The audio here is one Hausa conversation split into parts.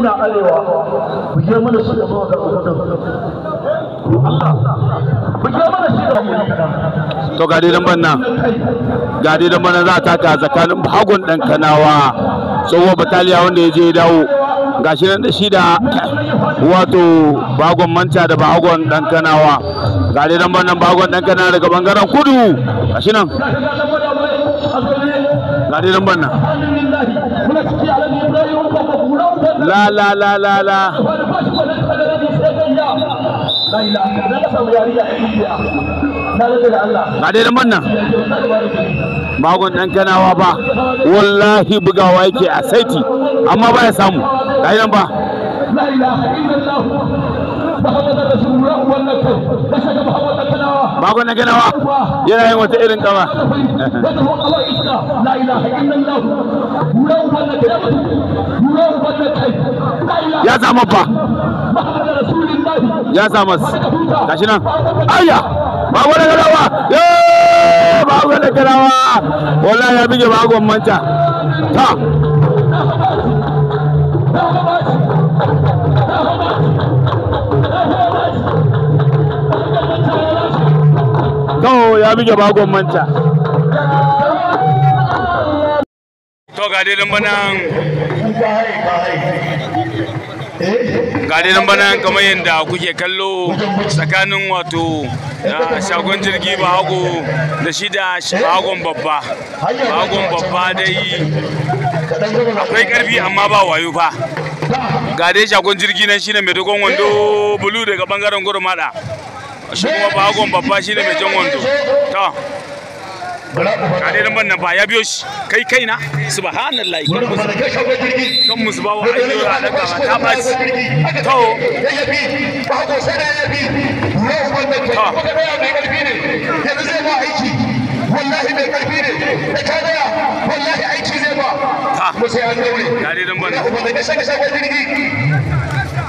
na arewa ku je mana su da zuwa ga Allah da to ga dai dan banna ga dai dan banna za ta ta tsakanin hagun dan kanawa tsohuwar bataliya wanda ya je ya dawo gashi nan da shi da wato bagon manta da bagon dan kanawa ga dai dan bannan bagon dan kanawa daga bangaren kudu gashi nan ga dai dan bannan la la la ba wallahi bugawa yake a saiti amma ba samu ga ba la bago na ganawa yana yin wata irin kama ya zama ba ya zama gashi nan ayya bago na ginawa? ya bago na ginawa. wallahi ya bige bagon manta ta ya buge bagon manta to ga dai bana ga dai bana kamar yadda kuke kallo tsakanin wato shagon jirgi hago da shi da shagon babba bahagon babba dai akwai karfi amma ba wayo ba ga shagon jirgi nan shine mai dogon wando bulu daga bangaren gurmada shi kuma bagon babba shi ne mai jan wando ta kare nan bannan ba ya biyo shi kai kaina subhanallahi kan musu kan musu bawo ayyura da kama ta baci to yanzu zai ba aiki wallahi mai karfi ne da ka gaya wallahi aiki zai ba mu sai an daure kare nan bannan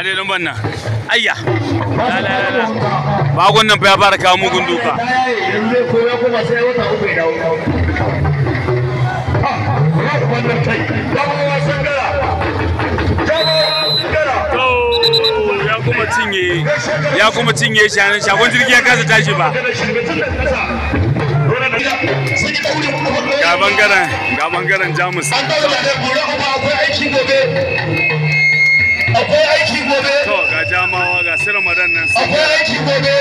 ga dai lamban nan ayya bagon nan fa ya fara kawo mugun duka ya kuma cinye shi shagon jirgi ya kasa tashi ba ga bangaren ga bangaren jamus an da gobe akwai akwai aiki gobe to ga jamawa ga su ramadan nan akwai aiki gobe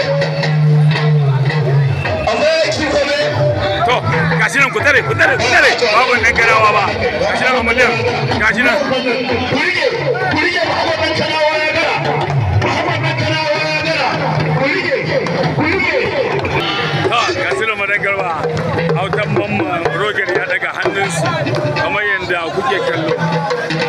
akwai aiki gobe to ga shi nan ku tare ku tare ku tare babu nan garawa ba ga shi nan ramadan ga shi nan ku rike ku rike babu nan garawa ya gara babu nan garawa ya gara ku rike ku rike to ga shi ramadan garba hautan mamman roger ya daga hannunsu kamar yadda kuke kallo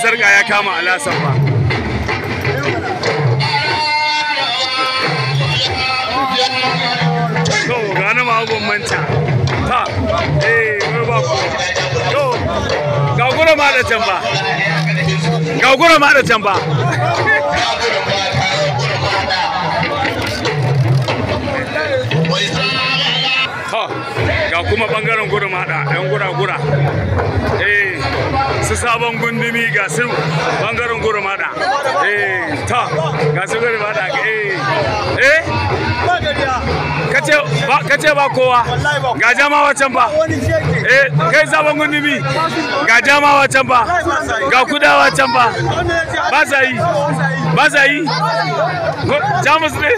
sarka ya kama alasan ba to gani ma agon manta ha, eh wai ba ku to ga gura ma da can ba ga gura ma da can ba ga kuma bangaren ma da yan gura-gura eh su sabon gundumi ga su bangaren eh ta ga su eh eh kace ba kace ba kowa ga jama'a can ba eh kai sabon gundumi ga jama'a can ba ga kudawa can ba ba sa yi ba sa yi jamus ne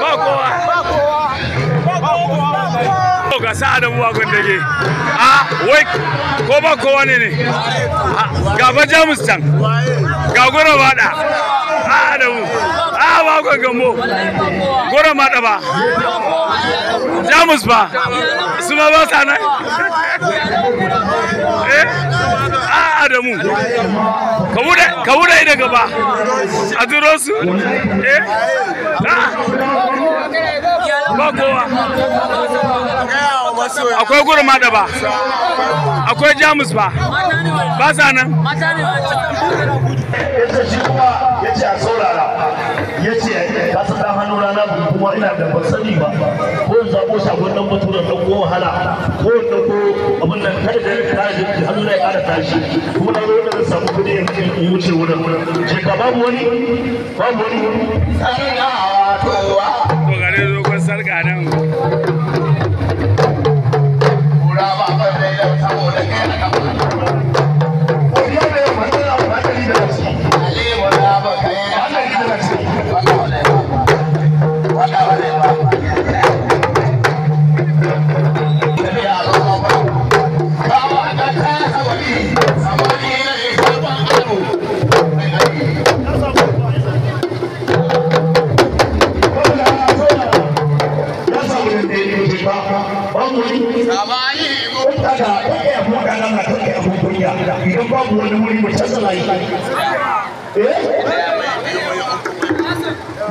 ba kowa ga sa Adamu Bagon dage a wai ko ba ko wani ne ga ba Jamus can ga gura bada a Adamu a ah, ba ku gambo gora ma da ba jamus ba su ma ba sa nan eh a ah, adamu ka bude ka bude da gaba a duro su eh ah. ba kowa akwai gurma da ba akwai jamus ba ba sa nan ya ce a saurara ya ce ba su ɗan hannu rana kuma ina da ban sani ba ko in zaɓo shagon nan batura na ko wahala ko in ko abin nan kai da tashi hannu na ya ƙara tashi kuma na zo da zan samu kuɗi in wuce wurin je ka babu wani babu wani sarƙa to gare zo kun sarƙa nan ¡Gracias!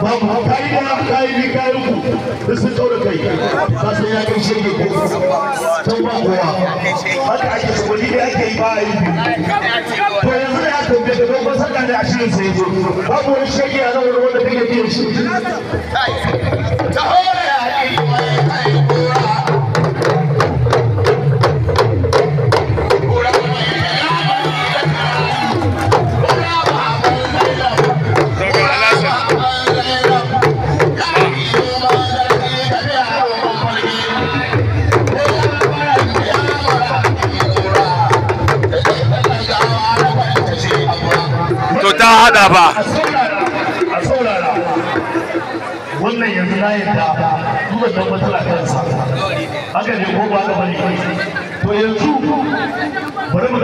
babu kai da kai bi kai ruku duk sun kaura kai ka san ya kai shege ko can ba kowa haka ake ni da ake yi ba a yi to yanzu da aka bi da babban sanda da ashirin sai zo babu wani shege a nan wanda kake biyan shi ta hore ya yi a haɗa wannan yanzu na yadda duba don matsala kansa haka ne ko ba ka to yanzu bari mu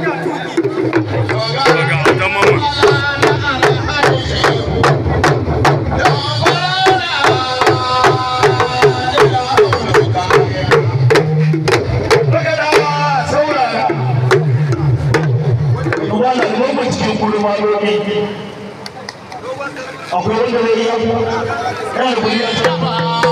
ga Hey, we are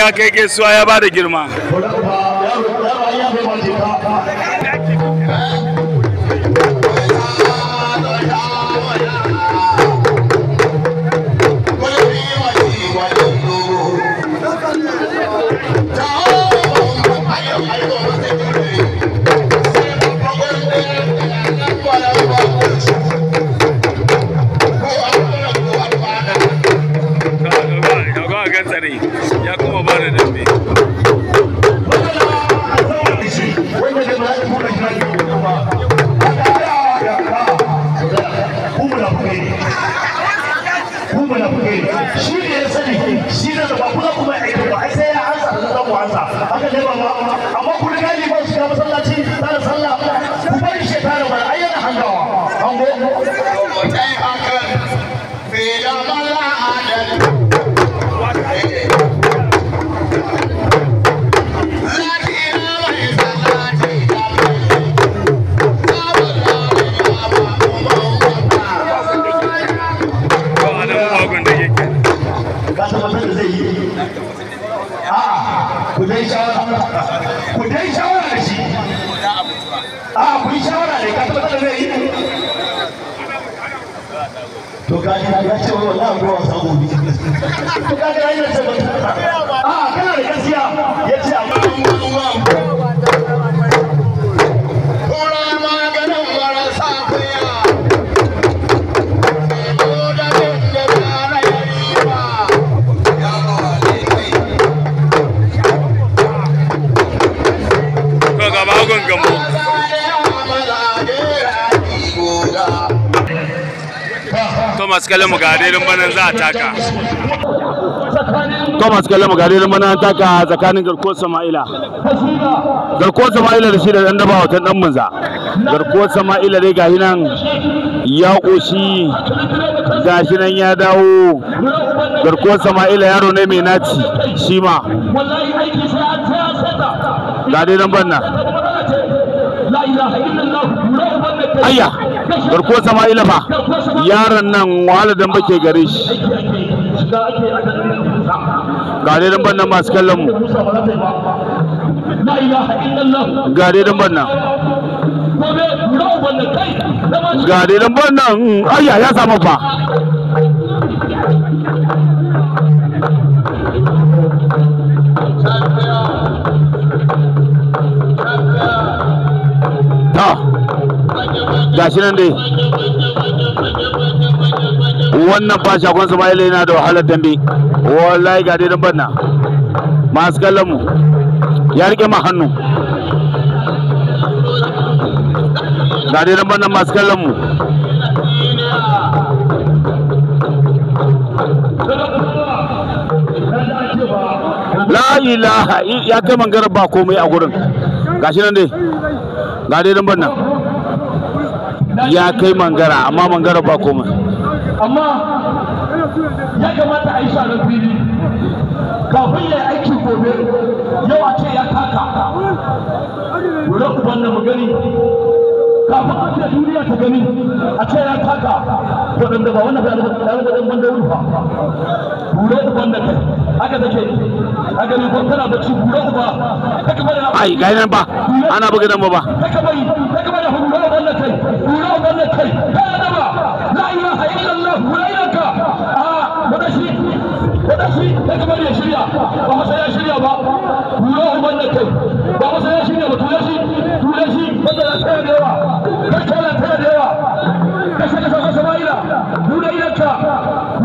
ಯಾಕೆ ಕೇಸು ಅಯಬಾರಿ girma Para, para. I'm Yeah, to kaga yana ce kallon mu ga dalilin bana za a taka to masu ga dalilin bana taka tsakanin garkuwar Sama'ila garkuwar Sama'ila da shi da ɗan daba watan ɗan munza garkuwar Sama'ila dai gahi nan ya koshi gashi nan ya dawo garkuwar Sama'ila yaro ne mai naci shi ma ga dai dan banna ayya garko sama'ila fa yaron nan wahala dan bake gare shi ga dai dan nan masu kallon mu ga dai dan ban ga dai dan bannan ayya ya samu fa gashi nan dai wannan fa su Sumaila yana da wahalar dambe wallahi ga dai dan banna masu kallon mu ya rike ma hannu ga dai dan banna masu kallon mu la ilaha ya kai mangara ba komai a gurin gashi nan dai ga dai banna ya kai mangara amma mangara ba komai amma ya kamata a yi sharar fili kafin ya aiki gobe yau a ce ya kaka wuri uban na magani kafin a ce duniya ta gani a ce ya kaka waɗanda ba wannan ɗan ɗan ban dauri ba wuri uban na kai haka da ke haka ne ko tana bacci gure uba ai gani ba ana bugu nan ba ಬಂದ ಕೈ ಊರೋ ಬಂದ ಕೈ ಬೇಡವ ನಾಯಿನ ಹೈಲಲ್ಲ ಹುರೈನಕ ಆ ಒದಶಿ ಒದಶಿ ತೆಗಬರಿಯ ಶಿರಿಯ ಬಾಬಸಯ ಶಿರಿಯ ಬಾ ಊರೋ ಬಂದ ಕೈ ಬಾಬಸಯ ಶಿರಿಯ ತುಳಸಿ ತುಳಸಿ ಬಂದ ಲಕ್ಷಣ ದೇವ ಕಷ್ಟ ಲಕ್ಷಣ ದೇವ ಕಷ್ಟ ಕಸ ಕಸವಾಯಿನ ಹುರೈನಕ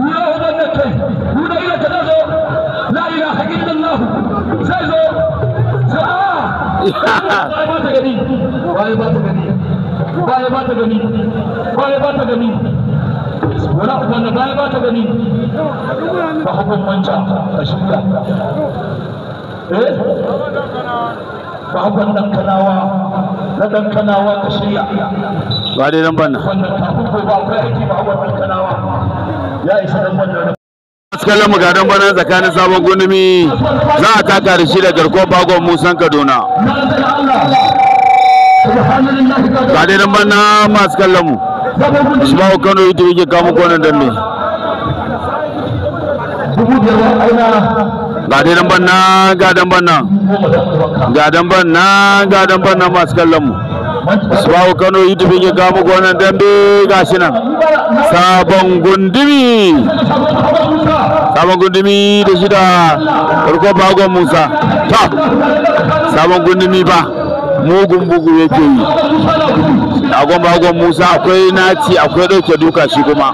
ಊರೋ ಬಂದ ಕೈ ಹುರೈನಕ ದಸೋ ನಾಯಿನ ಹೈಲಲ್ಲ ಸೈಸೋ ಸಾ ಬಾಬಸಯ ಗಡಿ ಬಾಬಸಯ baya ba ta gani baya ba ta gani wala wanda baya ba gani ba hukun manta a shirya eh ba hukun na ka shirya ba ba kai aiki ba ya isa dan kallon bana tsakanin sabon gunumi za a taka da shi da garkuwar bagon musan kaduna kade namba na maskalamu sba o kanu itu wije kamu kono dandi gade namba na gade namba na gade namba na gade namba na maskalamu sba o kanu itu wije kamu kono dandi gasina sabon gundimi sabon gundimi de sida ko bago musa ta sabon gundimi ba mugun bugu yake yi agon bagon musa akwai naci akwai dauke duka shi kuma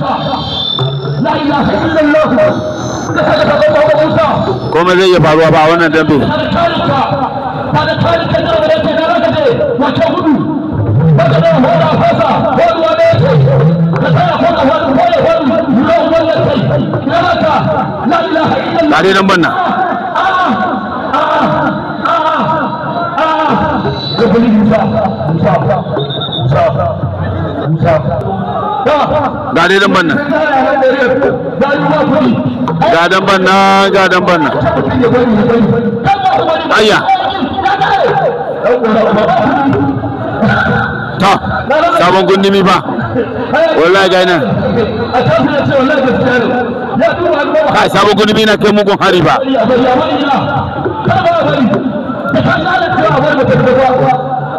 kome zai iya faruwa ba wannan dambe tare nan banna ga dai dan banna ga dan banna ga dan banna ayya ta sabon gundumi ba wallahi ga nan kai sabon gundumi na kai mugun hari ba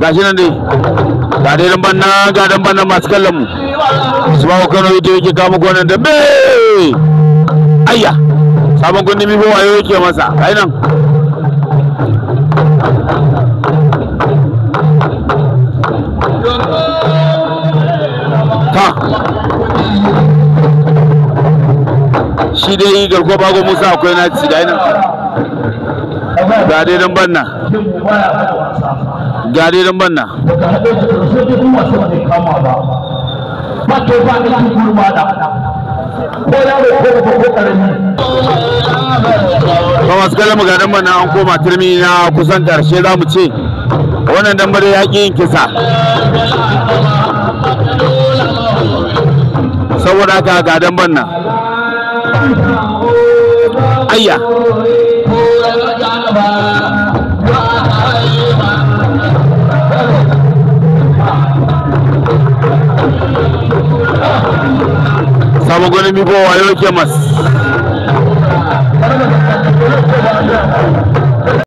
gashi nan dai ga dai dan banna ga dan banna masu kallon mu su ba kano ita yake kama gonan da be ayya sabon bi ba wayo yake masa gashi nan Ka shi dai garko bago musa akwai ci gashi nan ga dai dan banna jaririn banna daga haɗe ta da ba ba ba ba da ko ba ko ba masu kalama ga banna an koma turmi na kusan ƙarshe za mu ce wannan dan yin kisa saboda haka ga banna ayya Sabo Gone mi ko wayo kemas